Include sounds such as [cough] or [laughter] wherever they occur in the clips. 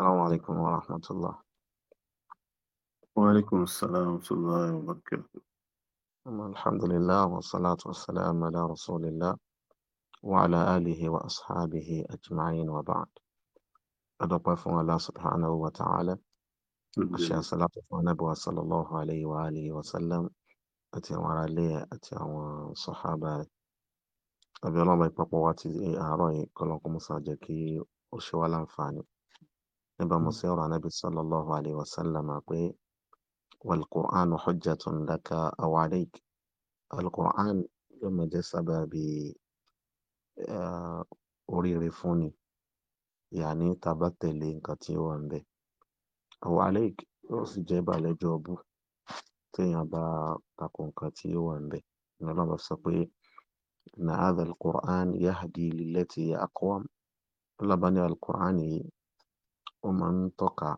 السلام عليكم ورحمة الله وعليكم السلام ورحمة الله وبركاته الحمد لله والصلاة والسلام على رسول الله وعلى آله وأصحابه أجمعين وبعد أدوبا فون الله سبحانه وتعالى أشياء صلاة فون صلى الله عليه وآله وسلم أتي ورالي أتي وصحابة أبي الله ما يبقى قواتي أعرأي كلهم كمساجكي وشوالا فاني níbà mo hmm. sí ọ̀rọ̀ anábì sallallahu alayhi wa sallam pé wal-Qur'anu hujjatun laka aw alayk al-Qur'an yóò máa jẹ́ sábàbí oríire fún ni yàní tàbá tẹ̀lé nǹkan tí ó wà ń bẹ̀ aw alayk yóò sì jẹ́ ìbàlẹ́jọ́ ọbú téèyàn bá tako nǹkan tí ó wà ń bẹ̀ ni ọlọ́run sọ pé inna hadha quran yahdi lillati hiya aqwam al-Qur'an ó máa ń tọ́ka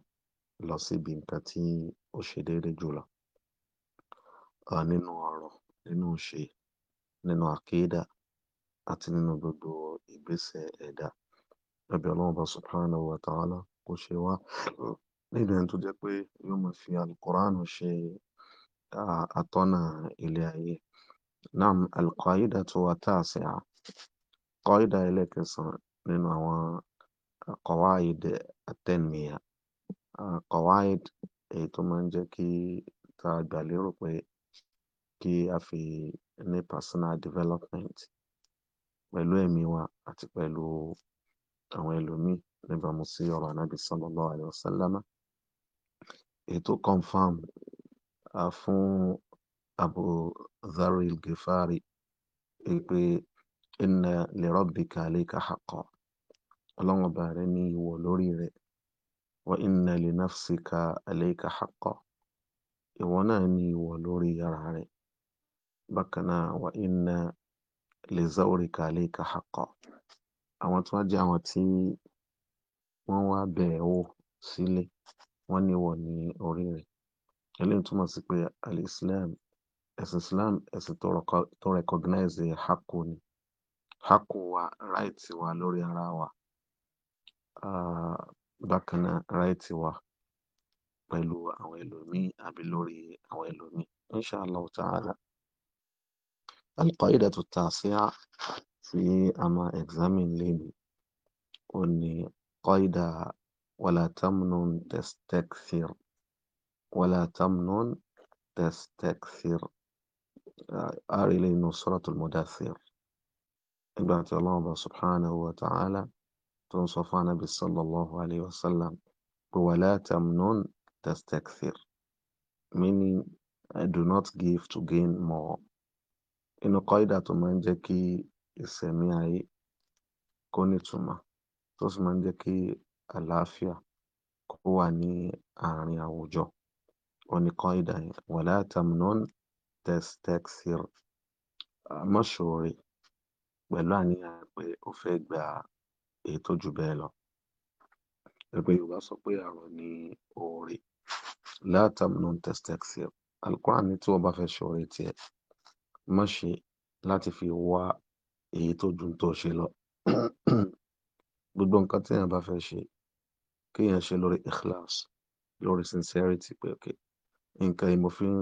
lọ síbi nǹkan tí ó ṣe déédé jùlọ um nínú ọ̀rọ̀, nínú ìṣe, nínú àkídà àti nínú gbogbo ìgbésẹ̀ ẹ̀dá. A bẹ Ọlọ́run Ọba subhanahu wa ta'ala kó ṣe wá nínú ẹni tó jẹ́ pé yóò máa fi Al-Qur'an ṣe um atọ́nà ilé ayé. Naam, al-qaidatu wa tasi'a. Qaida ẹlẹ́ẹ̀kẹsàn-án nínú àwọn قواعد التنمية آه، قواعد èyí tó máa ń jẹ́ kí tá a gbà lérò personal development pẹ̀lú ẹ̀mí wa àti pẹ̀lú àwọn ẹlòmíì níbàámu sí ọ̀rọ̀ ànábì sallallahu alaihi wasallam èyí tó confam fún Abu Dharr al-Ghifari pé inna li rabbika alayka haqqan ọlọ́run ọba rẹ ní ìwọ lórí rẹ wa inna li nafsika alayka haqqa ìwọ náà ní ìwọ lórí ara rẹ bákan náà wa inna li zawrika alayka haqqa àwọn tó wá jẹ àwọn tí wọn wá bẹ̀rẹ̀ wò sílé wọn ní ìwọ ní orí rẹ eléyìí túmọ̀ sí pé alislam ẹ̀sìn islam ẹ̀sìn tó recognize hakku ni hakku wa right wa lórí ara wa. bákan náà ráìtì wa pẹ̀lú àwọn ẹlòmíì àbí lórí àwọn ẹlòmíì إن شاء الله تعالى القاعدة التاسعة في أما إكزامين ليني أني قاعدة ولا تمنن تستكثر ولا تمنن تستكثر أري لي نصرة المدثر إبعت الله سبحانه وتعالى tó ń sọ fún anábì sallallahu alayhi wa sallam pé wala tamnun meaning I do not give to gain more inú kọ́ídà tó máa ń jẹ́ kí ìsẹ̀mí ayé kó nítumọ̀ tó sì máa ń jẹ́ kí àlàáfíà kó wà ní àárín àwùjọ òní kọ́ídà yẹn wala tamnun tastakthir mọ́ṣúrì pẹ̀lú àníyàn pé o fẹ́ gba èyí tó jù bẹ́ẹ̀ lọ ẹgbẹ́ yorùbá sọ pé àrùn ni oore látàmúnú testexia alukuran ní tí wọ́n bá fẹ́ ṣe oore tiẹ̀ má ṣe láti fi wá èyí tó jù tó ṣe lọ [clears throat] gbogbo nǹkan tí èèyàn bá fẹ́ ṣe kéèyàn ṣe lórí ikhlas lórí sincerity pé ok nǹkan yìí mo fi ń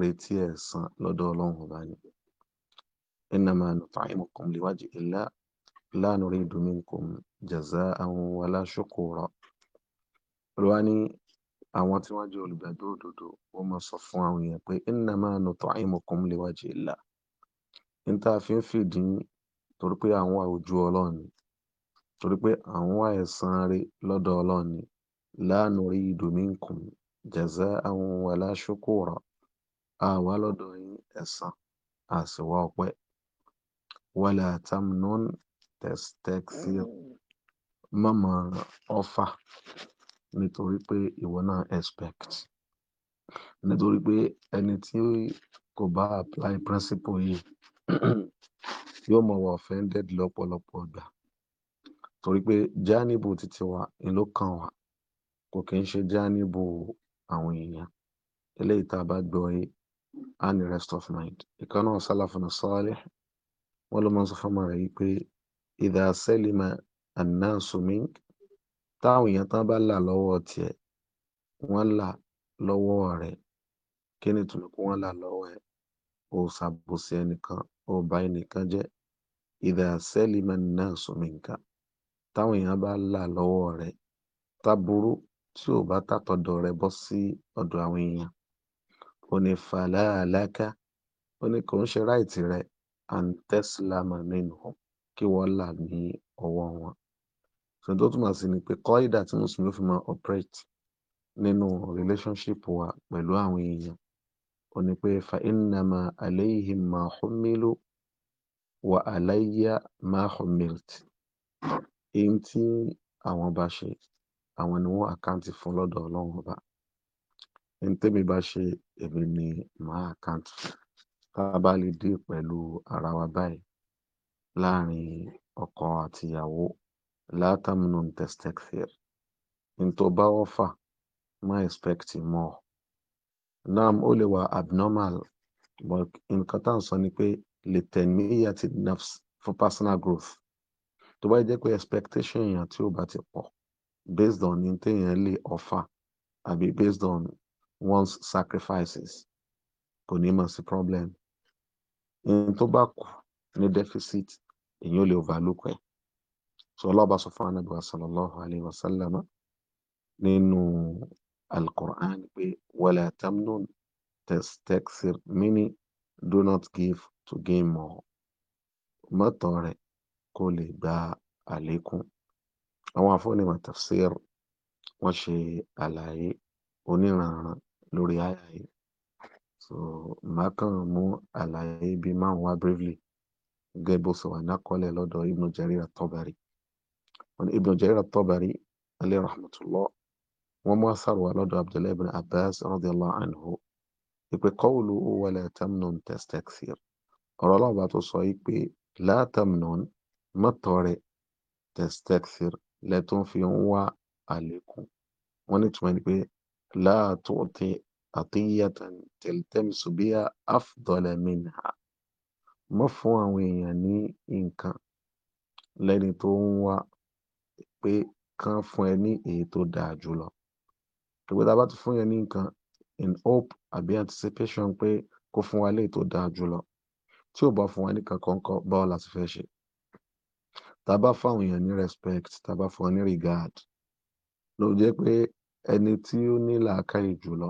retí ẹ̀san lọ́dọ̀ ọlọ́run ọba ni innama nut'imukum liwajhi llah la nuridu minkum jaza'an wala shukura olúwa ní àwọn tí wọ́n jẹ́ olùgbàgbọ́ òdodo wọ́n máa sọ fún àwọn èèyàn pé innama nut'imukum liwajhillah ní tá a fi ń fìdí torí pé àwọn wà ojú Ọlọ́run ni torí pé àwọn wà ẹ̀san lọ́dọ̀ Ọlọ́run ni la nuridu minkum jaza'an wala shukura àwa lọ́dọ̀ yín ẹ̀san àsìwá ọpẹ́ wala tamnun testexia mm. má máa offer nítorí pé ìwọ náà expect nítorí pé ẹni tí kò bá apply principle yìí [clears throat] yóò mọ wà offended lọ́pọ̀lọpọ̀ ìgbà torí pé jáníbù títí wa ìlú kan wa kò kí ń ṣe jáníbù àwọn èèyàn eléyìí tá a bá gbọ́ yé á ní rest of mind ìkan náà sálàfin sọ́ọ́lẹ̀ wọ́n ló máa ń sọ fún ọmọ rẹ̀ yìí pé ìdá sẹ́lìmọ̀ ànásùmín táwọn èèyàn tán bá là lọ́wọ́ tiẹ̀ wọ́n là lọ́wọ́ rẹ̀ kí ni tùmí kí wọ́n là lọ́wọ́ ẹ̀ o ṣàbòsí ẹnìkan o bà ẹnìkan jẹ́ ìdá sẹ́lìmọ̀ ànásùmín ká táwọn èèyàn bá là lọ́wọ́ rẹ̀ taburú tí ò bá tàtọ̀dọ̀ rẹ̀ bọ́ sí ọ̀dọ̀ àwọn èèyàn ó ní fàlàlàkà ó ní kò ń ṣe ráìtì rẹ̀ and tẹ́sílámà nínú kí wọ́n là ní ọwọ́ wọn so tó túmọ̀ sí ni pé kọ́ídà tí mùsùlùmí fi máa operate nínú relationship wa pẹ̀lú àwọn èèyàn ò ní pé fa innama alayhim ma hummilu wa alayya ma hummilt èyí tí àwọn bá ṣe àwọn ni wọ́n àkáǹtì fún lọ́dọ̀ ọlọ́run ọba ní tẹ́mi bá ṣe èmi ni màá àkáǹtì tá a bá lè dé pẹ̀lú ara wa báyìí láàrin ọkọ àtìyàwó la tamnun tastekthir in tó bá offer má expect more nam ó lè wà abnormal but nǹkan tá à ń sọ ni pé lè tẹ̀mí àti nafs fún personal growth tó bá jẹ́ pé expectation èèyàn tí ò bá ti pọ̀ based on ní téèyàn lè offer àbí based on one's sacrifices kò ní mọ̀ sí problem. Ní bá kù ní deficit èyí ò lè overlook ẹ̀ so ọlọ́ọ̀bá sọ fún anábì wa sallallahu alayhi wa sallam nínú alukur'an pé wala tamnun tastaqsir meaning do not give to gain more mọ́tọ̀ rẹ̀ kó lè gba àlékún àwọn afọ́nìmọ̀ tafsir wọ́n ṣe àlàyé oníranran lórí àyà yìí so màá kàn mú àlàyé bíi márùn wá briefly gẹ́gẹ́ bó ṣe wà ní àkọọ́lẹ̀ lọ́dọ̀ Ibn Jarir at-Tabari wọn ni Ibn Jarir at-Tabari alayhi rahmatullah wọn mú àṣàrò wà lọ́dọ̀ Abdullahi ibn Abbas radiyallahu anhu ìpè kọ́wùlù wala tamnun tastakthir ọ̀rọ̀ ọlọ́ọ̀bá tó sọ yìí pé la tamnun mọ́tọ̀rẹ̀ tastakthir lẹ́tún fi ń wá àlékún wọn tu'ti atiyatan tiltamisu biha afdala minha má fún àwọn èèyàn ní nǹkan lẹ́ni tó ń wá pé kán fún ẹ ní èyí tó dáa jùlọ ìgbé tá bá ti fún yẹn ní nǹkan in hope àbí anticipation pé kó fún wa léyìí tó dáa jùlọ tí ò bá fún wa ní kankan kọ báwo la ti fẹ́ ṣe tá bá fún àwọn èèyàn ní respect tá bá fún wọn ní regard ló jẹ́ pé ẹni tí ó ní làákàyè jùlọ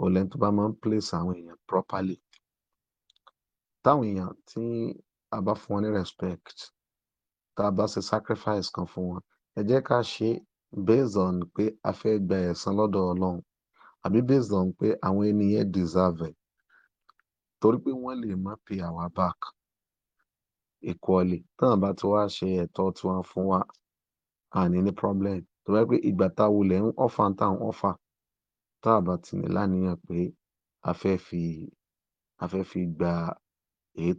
òun lẹni tó bá máa ń place àwọn èèyàn properly táwọn èèyàn tí a bá respect tá a bá sacrifice kan fún wọn ẹ jẹ́ ká ṣe based on pé a fẹ́ gba ẹ̀san lọ́dọ̀ Ọlọ́run àbí based on pé àwọn ènìyàn deserve Tori torí pé wọ́n lè pay our back equally tán bá ti wá ṣe ẹ̀tọ́ tí wọ́n fún wa àní ní problem tó bá pé ìgbà tá a wulẹ̀ ń ọ̀fà tá à ń ọ̀fà ti ní láníyàn pé a fẹ́ fi a fẹ́ fi gba إيه،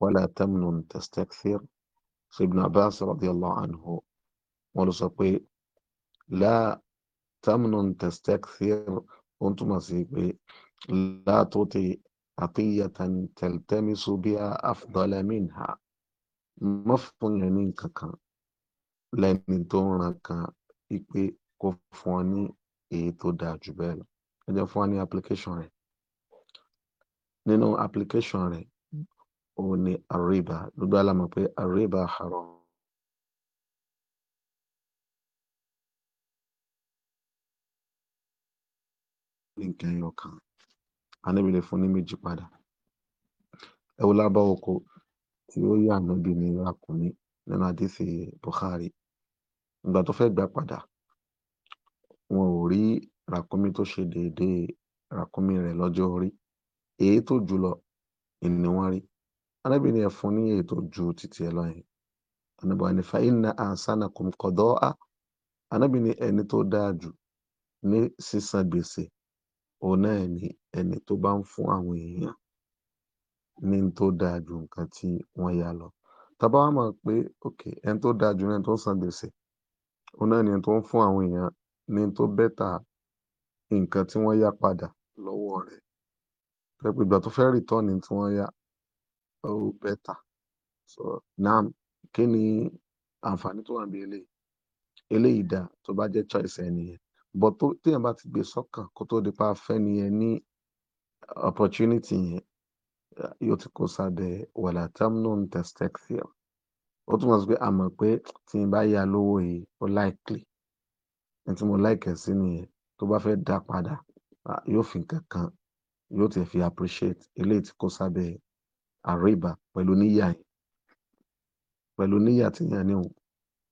ولا تمن تستكثر ابن عباس رضي الله عنه ولصقي لا تمن تستكثر كنت مصيبي لا تعطي عطية تلتمس بها أفضل منها مفهوم يعني كا لأن دونك يكفي إيه، كفواني èyí tó dáa jù bẹ́ẹ̀ lọ ẹ jẹ́ fún wa ní application rẹ̀ nínú application rẹ̀ òun ni àríbà gbogbo alamọ̀ pé àríbà haram. nǹkan ẹyọ kan anábì lè fún ní méjì padà ẹ wo lábá oko tí ó yà nábì ní ràkúnmí nínú àdìsí Bukhari ìgbà tó fẹ́ gbà padà wọn ò rí ràkúnmí tó ṣe déédéé ràkúnmí rẹ̀ lọ́jọ́ orí èyí tó jù lọ ni wọ́n rí arábìnrin ẹ̀ fún ní èyí tó ju títí ẹ̀ lọ yẹn anábìnrin ni fa inna ahsanakum qadaa anábìnrin ẹni tó dáa jù ní sísan gbèsè òun náà ni ẹni tó bá ń fún àwọn èèyàn ní tó dáa ju nǹkan tí wọ́n yá lọ tàbá wàá mọ̀ pé ok ẹni tó dáa jù ní ẹni tó ń san gbèsè òun náà ni ẹni tó ń fún àwọn èèyàn ní tó bẹ́tà nǹkan tí wọ́n yá padà lọ́wọ́ rẹ̀ pẹ̀lú ìgbà tó fẹ́ rìtọ́ọ̀nì tí wọ́n yá ó bẹ́tà so now kí ni àǹfààní tó wà níbi eléyìí eléyìí dà tó bá jẹ́ choice ẹni yẹn bọ̀ tó téèyàn bá ti gbé sọ́kàn kó tó di pa fẹ́ni yẹn ní opportunity yẹn yóò ti kó sábẹ́ wàlà tamnun testexia ó túmọ̀ sí pé a pé tí n bá yá lówó yìí ó likely ẹni tí mo láìkẹ sí nìyẹn tó bá fẹ́ dá padà yóò fi nǹkan yóò ti fi appreciate eléyìí tí kò sábẹ́ àríbá pẹ̀lú níyà yẹn pẹ̀lú níyà tí yàn ní o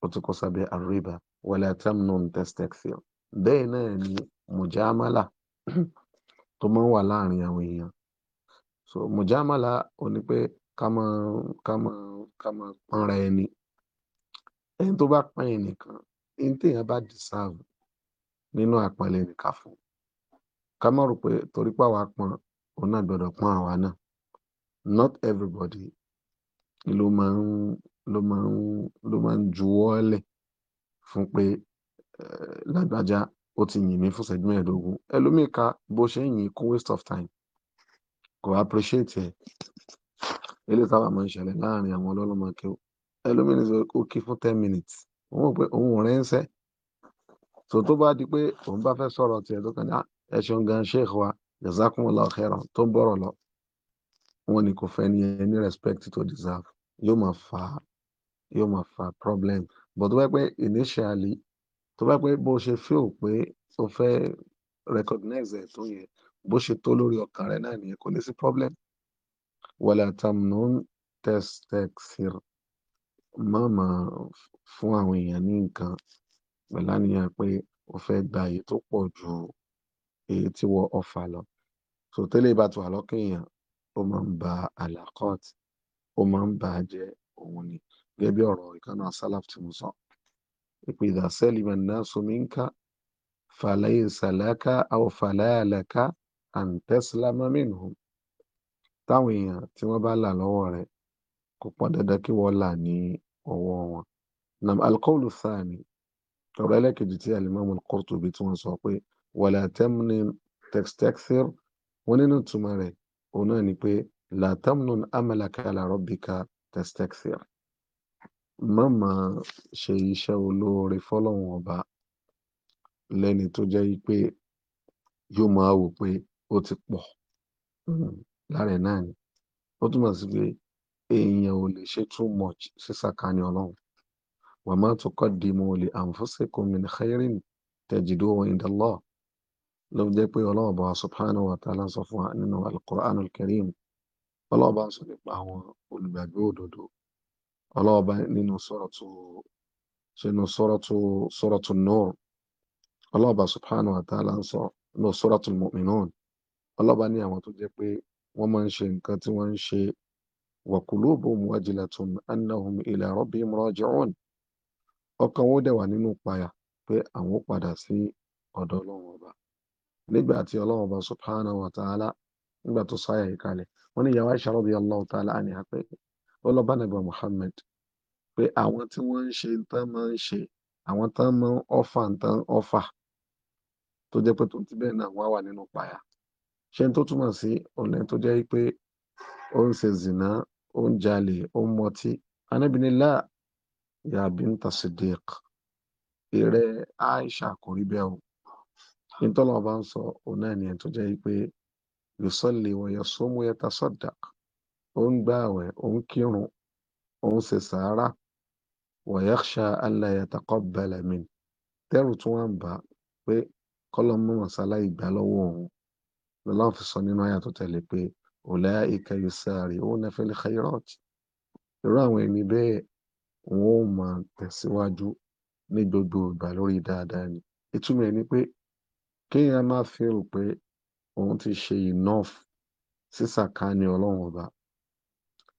ó ti kó sábẹ́ àríbá wala tamnun tastakthir bẹ́ẹ̀ náà ni mùjámálà [clears throat] tó máa ń wà láàrin àwọn èèyàn so mùjámálà ò ní pé ká máa ká máa ká máa pọ́nra ẹni ẹni tó bá pọ́n ẹnìkan ní téèyàn bá deserve nínú àpọ́nlé nìkan fún ká má rò pé torí pé àwa pọ́n òun náà gbọ́dọ̀ pọ́n àwa náà not everybody ló máa ń ló máa ń ló máa ń juwọ́ lẹ̀ fún pé eh, lágbájá ó ti yìn mí fún ṣẹ́jú mẹ́ẹ̀ẹ́dógún ẹlòmíì ka bó ṣe ń yìn kó waste of time kò appreciate ẹ eléyìí sábà máa ń ṣẹlẹ̀ láàrin àwọn ọlọ́lọ́mọ kí ẹlòmíì ní sọ ó kí fún ten minutes òun ò pé òun ò rìn ń sẹ́ tó tó bá di pé òun bá fẹ́ sọ̀rọ̀ tiẹ̀ tó kàn ní ẹ gan sheikh wa jazakumullahu khairan tó ń bọ̀rọ̀ lọ wọn ni kò fẹ́ ní ẹni respect to deserve yóò máa fa yóò máa fa problem but tó bá pẹ́ initially tó bá pẹ́ bó ṣe feel pé o fẹ́ recognize ẹ̀ tó yẹ bó ṣe tó lórí ọkàn rẹ̀ náà nìyẹn kò ní sí problem wala tamnun testexir má máa fún àwọn èèyàn ní nǹkan pẹ̀lú àníyàn pé o fẹ́ gba èyí tó pọ̀ ju èyí tí wọ́n ọ̀fà lọ. So tẹ́lẹ̀ bá ti wà lọ́kàn èèyàn, ó máa ń ba àlàkọ́ọ̀tì, ó máa ń bà á jẹ́ òun ni. Gẹ́gẹ́ bí ọ̀rọ̀ ìkan náà Salaf tí mo sọ, pé idha salima an-nasu minka falaysa laka aw fala laka an taslama Táwọn èèyàn tí wọ́n bá là lọ́wọ́ rẹ, kò pọn dandan kí wọ́n là ní ọwọ́ wọn. nam alkọ́ọ̀lù sáàmì ọ̀rọ̀ ẹlẹ́kejì tí alimami Al-Qurtubi tí wọ́n sọ pé wàlá tẹ́mùnì tẹ́kítẹ́kítẹ́r wọn nínú túmọ̀ rẹ̀ òun náà ni pé làtàmùnù amẹ́lẹ́kà làrọ́bìkà tẹ́kítẹ́kítẹ́r má máa ṣe iṣẹ́ olóore fọ́lọ́hún ọba lẹ́ni tó jẹ́ pé yóò máa wò pé ó ti pọ̀ hmm, lára náà ni ó túmọ̀ sí pé èèyàn ò lè ṣe too much sí sàkání ọlọ́run wa ma tuqaddimu li anfusikum min khairin tajiduhu indallah ló jẹ́ pé ọlọ́run bá subhanahu wa ta'ala sọ fún wa nínú al-Qur'an al-Karim ọlọ́run bá ń sọ nípa àwọn olùgbàgbé òdodo ọlọ́run bá nínú suratu sínú suratu suratu Nur ọlọ́run bá subhanahu wa ta'ala sọ nínú suratu al-Mu'minun ọlọ́run bá ní àwọn tó jẹ́ pé wọ́n máa ń ṣe nǹkan tí wọ́n ń ṣe وقلوبهم وجلة أنهم إلى ربهم راجعون ọkàn wọn dẹ̀ wà nínú ìpayà pé àwọn ó padà sí ọdọ ọlọ́run ọba nígbà tí ọlọ́run ọba subhanahu wa ta'ala nígbà tó sáyà yìí kalẹ̀ wọn ní ìyàwó Aisha radiyallahu ta'ala anha pé ọlọ́ba nàbà Muhammad pé àwọn tí ń ṣe tán máa ń ṣe àwọn tán máa ń tán tó pé ti náà wà nínú ṣé n tó sí tó pé ó ń ṣe ó ń jalè ó ń mọtí anábìíní láà ya binta Siddiq ìrẹ Aisha kò rí bẹ́ẹ̀ o nítọ́lọ́ bá ń sọ òun náà ni ẹ̀ tó jẹ́ pé yusalli wa yasumu yatasaddaq ó ń gbààwẹ̀ ó ń kírun ó ṣe sàárà wa yakhsha alla yataqabbala min tẹ́rù tí wọ́n ń bá pé kọ́lọ́mù mọ̀sálá ìgbà lọ́wọ́ òun lọ́lá fi sọ nínú àyà tẹ̀lé pé ulaika yusari'una fil khairat irú àwọn ẹni bẹ́ẹ̀ wọ́n ó máa tẹ̀síwájú ní gbogbo ìgbà lórí dáadáa ni ìtumọ̀ ẹ̀ ni pé kéèyàn má fi rò pé òun ti ṣe enough sísàkánì ọlọ́run ọba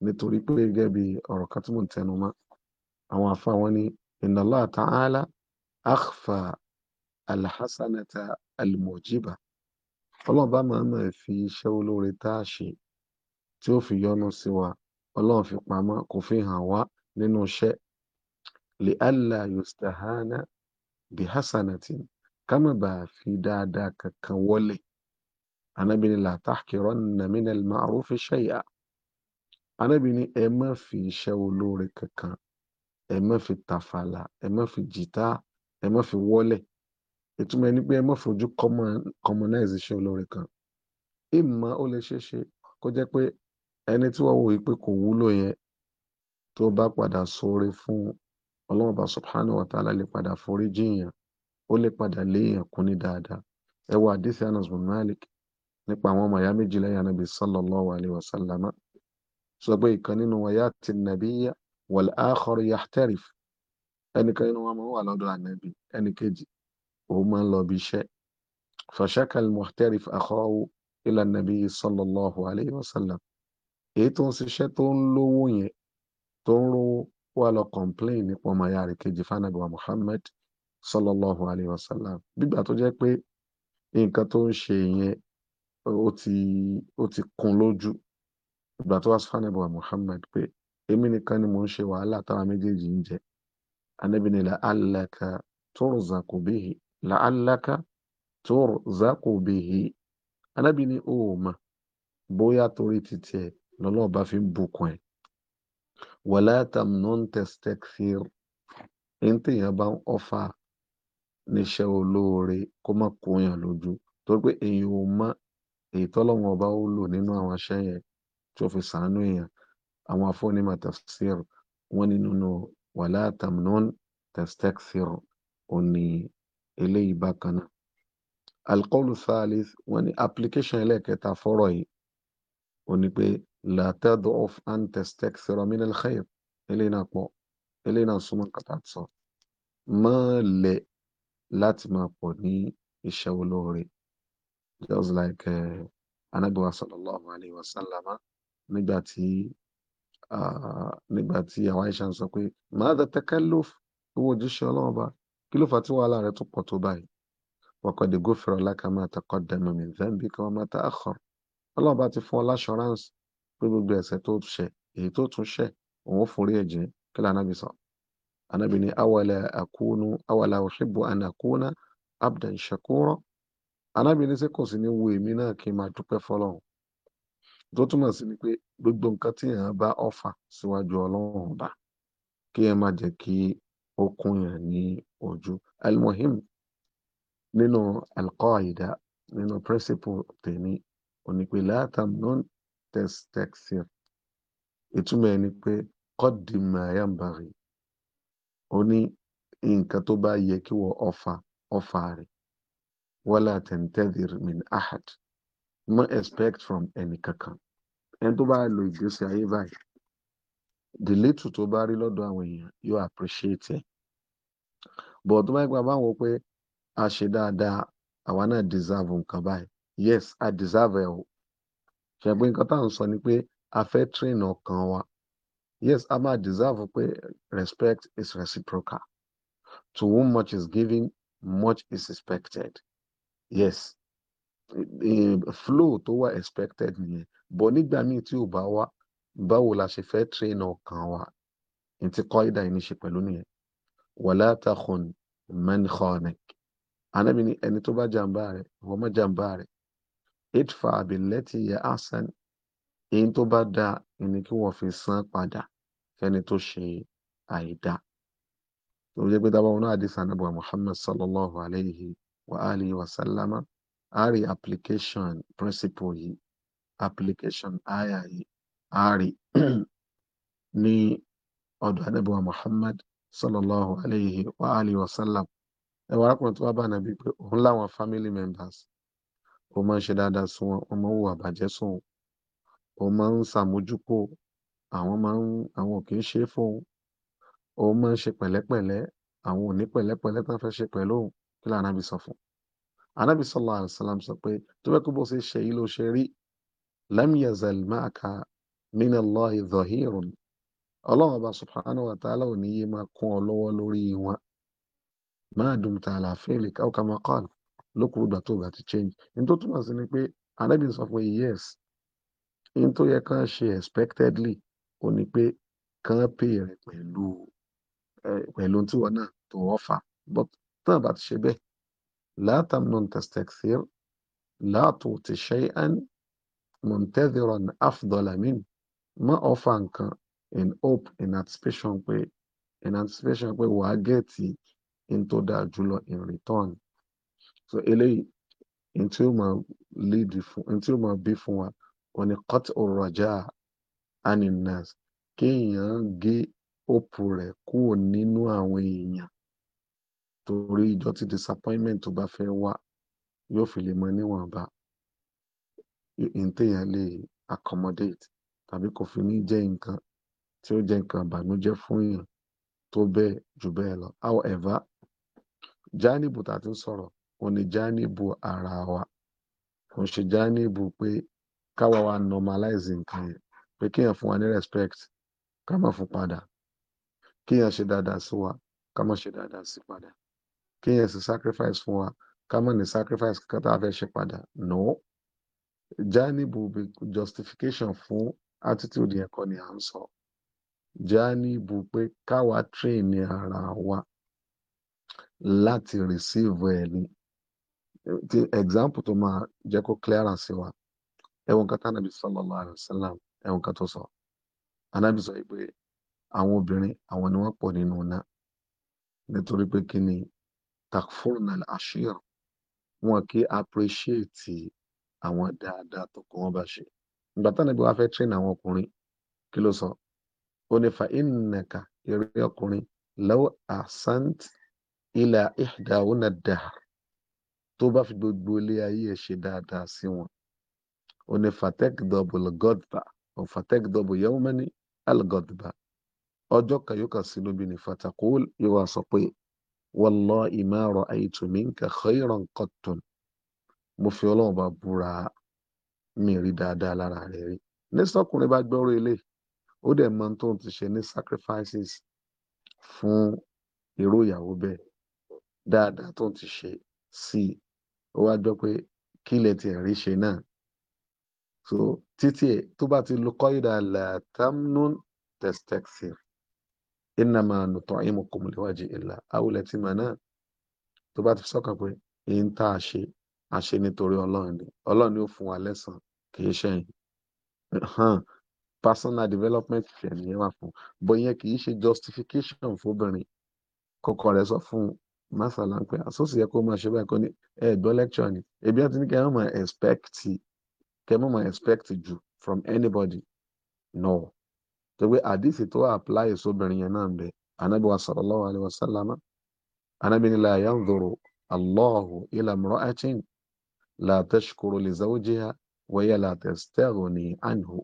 nítorí pé gẹ́gẹ́ bí ọ̀rọ̀ kan tí mò ń tẹnu mọ́ àwọn afa wọn ni inna Allah ta'ala akhfa alhassanata almujiba ọlọ́run bá mọ̀ọ́mọ̀ fi iṣẹ́ olóore tá a ṣe tí ó fi yọ́nú sí wa ọlọ́run fi pamọ́ kò fi hàn wá nínú iṣẹ́ lè allah yustahana bi hasanatin ká má bàa fi dáadáa kankan wọlé Ànábì ní la tahkiranna min al-ma'rufi shay'a Ànábì ní ẹ má fi iṣẹ́ olóore kankan ẹ má fi tàfàlà ẹ má fi jìtá ẹ má fi wọlé ìtumọ̀ ẹni pé ẹ mọ̀ fojú commonize iṣẹ́ olóore kan ìmọ̀ ó lè ṣeé ṣe kó jẹ́ pé ẹni tí wọ́n wò yí pé kò wúlò yẹn tó bá padà sóore fún ọlọ́run bá subhanahu wa ta'ala lè padà forí jiyàn ó lè padà léèyàn kún ní dáadáa ẹ wo àdìsí Anas bin Malik nípa àwọn ọmọ ìyá méjì lẹ́yìn anábì sallallahu alayhi wa sallam sọ pé ìkan nínú wọn ya'ti an-nabiyya wal-akhar yahtarif ẹnìkan nínú wọn wà lọ́dọ̀ ànábì ẹnìkejì òun máa ń lọ bí iṣẹ́ fàṣákà muhtarif akhahu ila nabi sallallahu alayhi wa sallam èyí tó ń ṣiṣẹ́ tó ń lówó yẹn tó ń rówó wà lọ complain nípa ọmọ ìyá rẹ̀ kejì fanabi wa muhammad sallallahu alayhi wa sallam gbígbà tó jẹ́ pé nǹkan tó ń ṣe yẹn ó ti ó ti kún lójú ìgbà tó wá sí fanabi wa muhammad pé èmi nìkan ni mò ń ṣe wàhálà táwọn méjèèjì ń jẹ anabi ni la alaka turzaqu bihi la'allaka turzaqu bihi anábì ní o mọ̀ bóyá torí títí ẹ̀ ba bá fi ń bùkún ẹ̀ wala tamnun tastakthir ní tèèyàn bá ń ọ̀fà níṣẹ́ olóore kó má kóyàn lójú torí pé èèyàn ò mọ èyí tọ́lọ́wọ́n ọba ó lò nínú àwọn aṣẹ́ yẹn tí ó fi sàánú èèyàn àwọn afọ́nímọ̀ tafsir wọ́n ní nínú wala tamnun tastakthir ò eléyìí bákan náà alqawlu thalith wọ́n ní application ẹlẹ́ẹ̀kẹta fọ́rọ̀ yìí ó ní pé la tad'uf an tastakthira min alkhair eléyìí náà pọ̀ eléyìí náà súnmọ́ kàtà sọ má lẹ̀ láti máa pọ̀ ní iṣẹ́ olóore just like uh, eh, anabiwa sallallahu alayhi wa sallama nígbà tí ah, nígbà tí àwọn aisha ń sọ pé ma'adha takalluf owó ojúṣe ọlọ́run ọba kí ló fà tí wàhálà rẹ tún pọ̀ tó báyìí waqad ghufira laka ma taqaddama min dhanbika wa ma ta'akhkhar ọlọ́run bá ti fún ọ láṣọránsì pé gbogbo ẹ̀ṣẹ̀ tó ṣẹ̀ èyí tó tún ṣẹ̀ òun forí ẹ̀ jìn kí lóò anábì sọ anábì ní awala akunu awala uhibbu an akuna abdan shakura anábì ní sẹ́kọ̀ sí ní wo èmi náà kí n máa dúpẹ́ fọlọ́run tó túmọ̀ sí ni pé gbogbo nǹkan tí èèyàn bá ọ̀fà síwájú ọlọ́run ọba kí ẹ má jẹ́ kí okun yàn ní ojú almuhim nínú alqaida nínú principle tèmi onípe látam non testexir ìtumọ̀ ẹni pé kọ́dìmọ̀ ayáǹbarì ó ní nǹkan tó bá yẹ kí wọ́n ọfà ọfà rẹ̀ wala tantadir min ahad má expect from ẹnì kankan ẹni tó bá lo ìgbésí ayé báyìí the little tó bá rí lọ́dọ̀ àwọn èèyàn yóò appreciate ẹ̀ but tó bá yẹ pé a bá wọ pé a ṣe dáadáa àwa náà deserve nǹkan báyìí yes i deserve ẹ o ṣẹ̀gbọ́n nǹkan tá à ń sọ ni pé a fẹ́ train ọkàn wa yes a máa deserve pé respect is reciprocal to whom much is given much is expected yes flow tó wà expected nìyẹn but nígbà míì tí ò bá wá báwo la ṣe fẹ́ tírèènà ọkàn wa ní ti kọ́ ìdá yìí ní ṣe pẹ̀lú nìyẹn wala takhun man khanak anábì ní ẹni tó bá jàǹbá rẹ̀ wọ́n má jàǹbá rẹ̀ idfa billati ya ahsan èyí tó bá da ẹni kí wọ́n fi san padà fẹ́ni tó ṣe àìdá tó jẹ́ pé dábàá wọn àdìsá nàbọ̀ Muhammad sallallahu alayhi wa alihi wa sallama a rí application principle yìí application aya yìí a rí [clears throat] ní ọ̀dọ̀ anábíwá Muhammad sallallahu alayhi wa alihi wa sallam ẹwà arákùnrin tó wá bá nàbí pé òun láwọn family members ó máa ń ṣe dáadáa sí wọn wọn máa ń hùwà bàjẹ́ sùn ó máa ń ṣàmójúkò àwọn máa ń àwọn kì í ṣe é fóun ó máa ń ṣe pẹ̀lẹ́pẹ̀lẹ́ àwọn ò ní pẹ̀lẹ́pẹ̀lẹ́ tó fẹ́ ṣe pẹ̀lú òun kí lóun anábì sọ fún un anábì sallallahu alaihi wasallam sọ pé tó bẹ́ẹ̀ kó bó ṣe ṣe yìí ló ṣe rí lam yazal min Allahi dhahirun ọlọ́run ọba subhanahu wa ta'ala ò ní yé máa kún ọ lọ́wọ́ lórí wọn máa dùn tà àlàáfíà lè káwọ́ ká máa kọ́ àlù lókùrú ìgbà tó bá ti change ní tó túmọ̀ sí ni pé anábì sọ pé yes ní tó yẹ kán ṣe expectedly ó ní pé kán pè rẹ̀ pẹ̀lú pẹ̀lú tí wọn náà tó ọ̀fà but tán bá ti ṣe bẹ́ẹ̀ látàmùn tastakthir látò ti ṣe é án mọ̀ntẹ́dìrán afdọ́làmínú má offer nǹkan in hope in anticipation pé in anticipation pé wàá gẹ̀ẹ́tì in tó dáa jùlọ in return so eléyìí in tí ó máa lead fún in tí ó máa bí fún wa òun ni cut ọ̀rọ̀jà aninas kéèyàn gé hope rẹ̀ kúrò nínú àwọn èèyàn torí ìjọ tí disappointment tó bá fẹ́ wá yóò fi lè mọ níwọ̀nba in téèyàn lè accommodate tàbí kò fi ní jẹ́ nǹkan tí ó jẹ́ nǹkan àbànújẹ́ fún èèyàn tó bẹ́ẹ̀ jù bẹ́ẹ̀ lọ however jánìbù tá a ti ń sọ̀rọ̀ ò ní jánìbù ara wa kò ń ṣe jánìbù pé káwa wa normalize nǹkan yẹn pé kéèyàn fún wa ní respect ká má fún padà kéèyàn ṣe dáadáa sí wa ká má ṣe dáadáa sí padà kéèyàn sì sacrifice fún wa ká má ní sacrifice kankan tá a fẹ́ ṣe padà no jánìbù be justification fún attitude yẹn kọ́ ni à ń sọ jáání bu pé káwa train ara wa láti receive ẹ ni ti example tó máa jẹ́ kó clearance wa ẹ̀wọ̀n kan tánàbí sallallahu alayhi wa sallam ẹ̀wọ̀n kan tó sọ anábì sọ pé àwọn obìnrin àwọn ni wọ́n pọ̀ nínú náà nítorí pé kí ni takfurna al-ashir wọn kì í appreciate àwọn dáadáa tó kọ́ wọn bá ṣe ìgbà tán níbi wá fẹ́ train àwọn ọkùnrin kí ló sọ ó ní fa ìnàkà eré ọkùnrin lọ́wọ́ àsáǹt ilà ìdáhùnà dàr tó bá fi gbogbo ilé ayé ẹ ṣe dáadáa sí wọn ó ní fatek dọ́bù lọ́gọ́dbà ó fatek dọ́bù yẹ́wọ́mẹ́ni alọ́gọ́dbà ọjọ́ kan sínú bí ní fatakul yóò sọ pé wallahi ma ra'aytu minka khayran qattun mo fi ọlọ́run bá búra mi rí dáadáa lára rẹ̀ rí nísọkùnrin bá gbọ́rọ̀ ilé ó dẹ̀ mọ tó ń ti ṣe ní sacrifices fún irú ìyàwó bẹ́ẹ̀ dáadáa tó ń ti ṣe sí i ó wá gbọ́ pé kí lè tiẹ̀ rí ṣe náà so títí ẹ̀ tó bá ti lo kọ́ìdà làtàmnún testexir innama nut'imukum liwajhi Allah àwòlẹ̀ tí màá náà tó bá ti sọ́kàn pé èyí tá a ṣe a ṣe nítorí ọlọ́run ni ọlọ́run ni ó fún wa lẹ́san kì í ṣe hàn personal development ṣe nìyẹn wà fún bọ́ kì í ṣe justification fóbìnrin kọkọ rẹ sọ fún masala pé àsọsì ah, yẹ kó máa ṣe báyìí kó ní ẹgbẹ́ lecture ni ebi àti ní kẹ́ máa expect kẹ́ máa expect jù from anybody no tó pé àdìsí tó apply sóbìnrin yẹn náà ń bẹ anabi wa sallallahu alayhi wa sallam anabi ni la yanzuru allahu ila imra'atin لا تشكر لزوجها وهي لا hiya la tastaghni anhu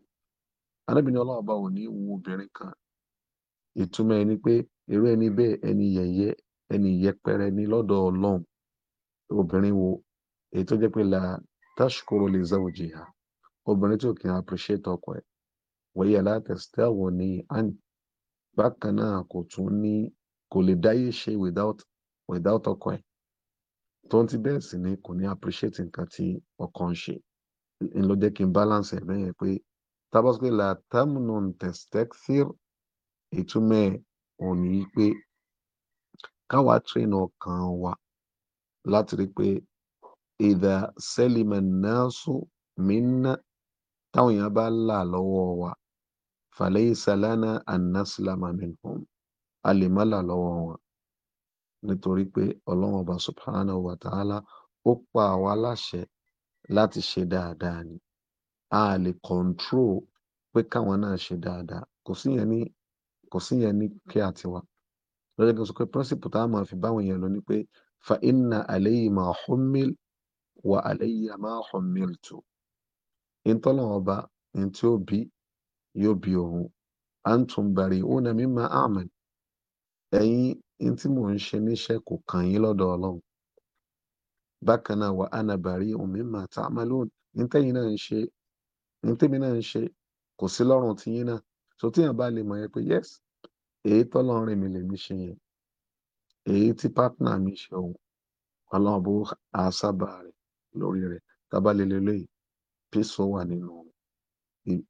anábìnrin ọlọ́run bá wò ní wo obìnrin kan ìtumọ̀ ẹni pé irú ẹni bẹ́ẹ̀ ẹni yẹ̀yẹ́ ẹni yẹpẹrẹ ní lọ́dọ̀ ọlọ́run obìnrin wo èyí tó jẹ́ pé la tashkuru li zawjiha obìnrin tí ò kí n appreciate ọkọ ẹ̀ wa hiya la tastaghni anhu bákan náà kò tún ní kò lè dáyé ṣe without without ọkọ ẹ̀ tóun ti bẹ́ẹ̀ sì ni kò ní appreciate nǹkan tí ọkàn ń ṣe ń lọ jẹ́ kí n balance ẹ̀ bẹ́ẹ̀ yẹn pé tábàsílẹ̀ la tamnu testexir ìtumọ̀ ẹ̀ òun ní pé káwa train ọkàn wa láti rí pé ìdá sẹ́lìmẹ̀ náà sùn mí ná táwọn èèyàn bá là lọ́wọ́ wa fàlẹ́ ìsàlánà ànásílámà minhum a lè má là lọ́wọ́ wọn nítorí pé ọlọ́run ọba subhanahu wa ta'ala ó pa àwa láṣẹ láti ṣe dáadáa ni a lè kọ̀ǹtró pé káwọn náà ṣe dáadáa kò síyẹn ní kò síyẹn ní kí a ti wá lọ́jọ́ kí n sọ pé pírọ́sìpù tá a máa fi báwọn èèyàn lọ ni pé fa inna alayhi ma hummil wa alayya ma hummiltu ìtọ́lọ́wọ́n ọba ní tí ó bí yóò bí òun antum bari'una mimma a'mal ẹ̀yin n tí mò ń ṣe níṣẹ́ kò kàn yín lọ́dọ̀ Ọlọ́run bákan náà wà ánàbàrí mimma ta'malun ní tẹ̀yin náà ń ṣe ní tèmi náà ń ṣe kò sí lọ́rùn tiyín náà so tíyàn bá lè mọ̀ yẹn pé yes èyí tọ́lọ́run mi lèmi ṣe yẹn èyí tí pátánà mi ṣe òun Ọlọ́run bó a sábà rẹ̀ lórí rẹ̀ tábàlélẹ lóyè pèsè wà nínú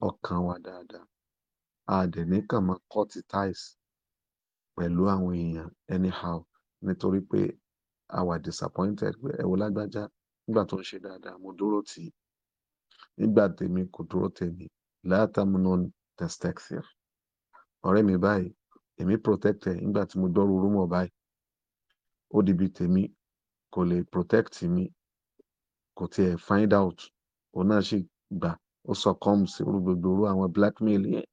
ọkàn wa dáadáa a ní kàn máa kọ́ ti táìsì pẹ̀lú àwọn èèyàn anyhow nítorí pé a wà disappointed pé ẹ wo lágbájá nígbà tó ń ṣe dáadáa mo dúró tì í nígbà tèmi kò dúró tèmi látàmúnà testexia ọ̀rẹ́ mi báyìí èmi protect ẹ̀ nígbà tí mo dọ́rọ̀ rúmọ̀ báyìí ó dìbí tèmi kò lè protect mi kò tiẹ̀ find out òun náà ṣì gbà ó succumb sí irú gbogbo irú àwọn blackmail yẹn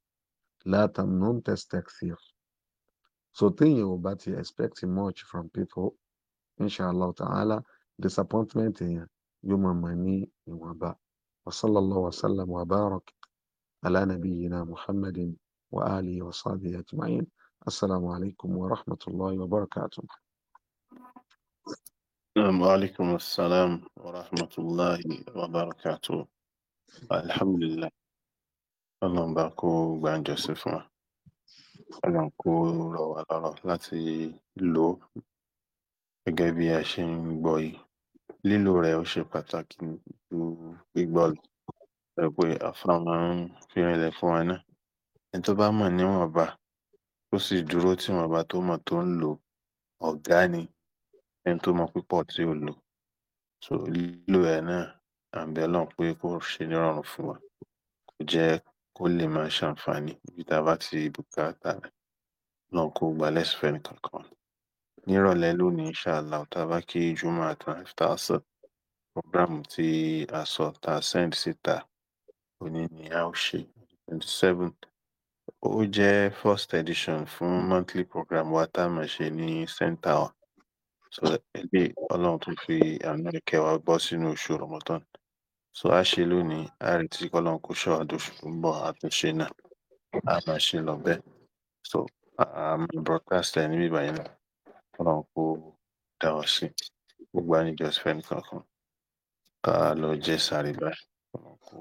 látàmúnà testexia. so téèyàn ò you ti expecting much from people inshallah ta'ala disappointment in yóò money in ní ìwọ̀nba wasallallahu wasallam wa barak ala muhammadin wa alihi wa sahbihi ajma'in assalamu alaikum wa rahmatullahi wa barakatuh. Alhamdulillah. السلام ورحمة الله وبركاته الحمد لله اللهم بارك وبارك K'Ọlọ́run kó rọ̀ wá lọ́rọ̀ láti lò ó gẹ́gẹ́ bí a ṣe ń gbọ́ ọ yìí. Lílò rẹ̀ ó ṣe pàtàkì ju gbígbọ́ lọ. Tó jẹ́ pé àfáà máa ń fi rinlẹ̀ fún wa náà. Ẹni tó bá mọ̀ níwọ̀nba, tó sì dúró tíwọ̀nba tó mọ̀ tó ń lò ọ̀gá ni fẹ́ni tó mọ púpọ̀ tí ò lò So lílò ẹ̀ náà, à ń pé kó ṣe ní ìrọ̀rùn fún wa, kó jẹ́ kó lè máa ṣàǹfààní níbi tá a bá ti bùkátà rẹ ọlọrun kó gbà lẹsìn fẹni kọọkan nírọlẹ lónìí inshallah tá bá kí juma tán iftar program tí a sọ send síta òní ni a ó ṣe twenty seven ó jẹ first edition fún monthly program wa tá a máa ṣe ní center wa so ilé ọlọrun tún fi àánú ìkẹwàá gbọ sínú oṣù ramadan so a ṣe lónìí a retí kọlọrun kó ṣọ àdóṣù àtúnṣe náà a máa ṣe lọ bẹẹ so a máa broadcast ẹ níbí báyìí náà kọlọrun kó dá ọ sí gbogbo àníjọsìn fẹni kankan ká lọ jẹ sáré báyìí kọlọrun kó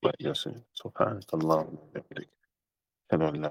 gbàjọsìn so fáwọn ìtàn lọrùn lẹbìrì kẹlọ láàyè.